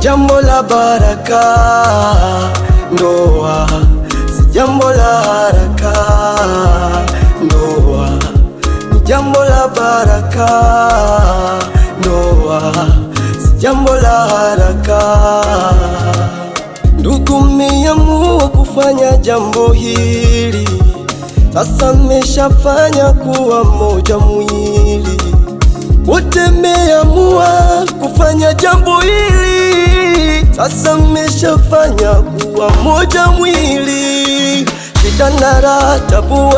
jambo la baraka, ndoa si jambo la haraka, ndoa ni jambo la baraka, ndoa si jambo la haraka. Ndugu, mmeamua kufanya jambo hili, sasa mmeshafanya kuwa mmoja mwili, wote mmeamua kufanya jambo hili sasa mmeshafanya kuwa moja mwili. Shida na raha, tabu,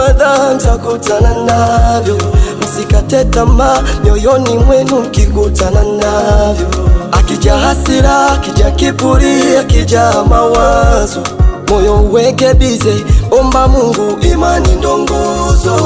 navyo, msikate tamaa mioyoni mwenu kikutana navyo. Akija hasira, akija kiburi, akija mawazo, moyo uweke bize, omba Mungu, imani ndo nguzo.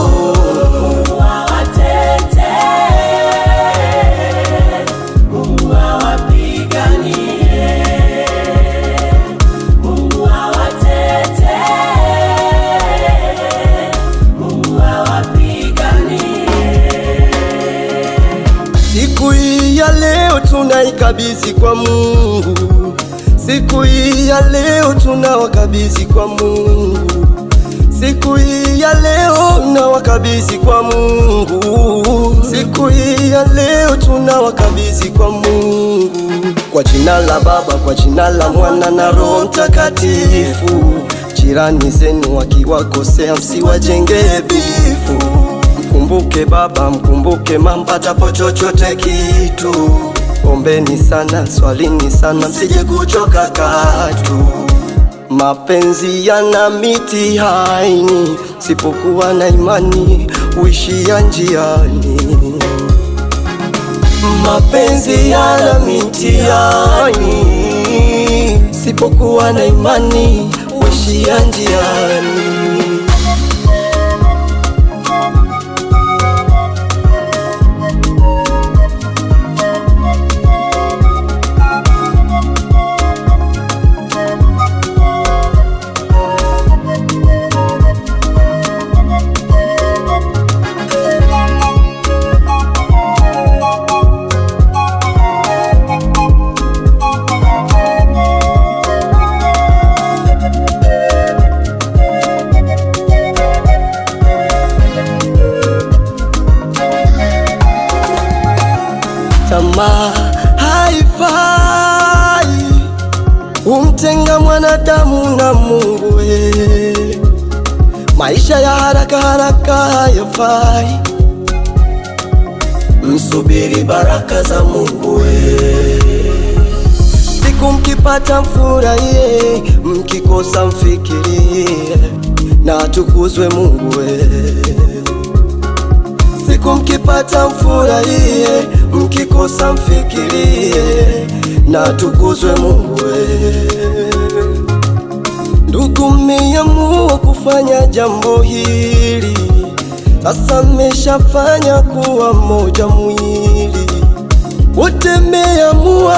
hii ya leo tunaikabidhi kwa Mungu, siku hii ya leo tunawakabidhi kwa Mungu, siku hii ya leo nawakabidhi kwa Mungu, siku hii ya leo tunawakabidhi kwa Mungu, kwa jina la Baba, kwa jina la Mwana na Roho Mtakatifu. Jirani zenu wakiwakosea, msiwajenge bifu Mkumbuke baba, mkumbuke mama, patapo chochote kitu. Ombeni sana, swalini sana, msije kuchoka katu. Mapenzi yana haini, sipokuwa na imani uishia njiani. Mapenzi yana haini, sipokuwa na imani uishia njiani. umtenga mwanadamu na Mungu we. Maisha ya haraka haraka hayafai, msubiri baraka za Mungu we. Siku mkipata mfurahie, mkikosa mfikirie, na tukuzwe Mungu we. Siku mkipata mfurahie, mkikosa mfikirie na tukuzwe Mungu. Ndugu, mmeamua kufanya jambo hili, sasa mmeshafanya kuwa mmoja mwili wote. Mmeamua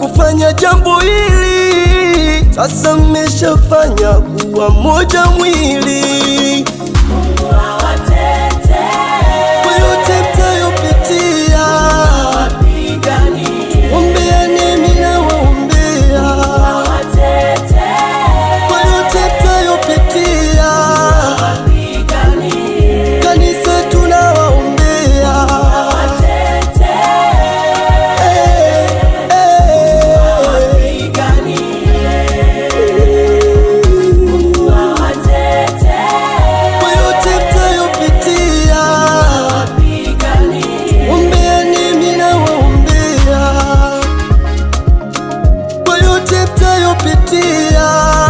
kufanya jambo hili, sasa mmeshafanya kuwa mmoja mwili niliyopitia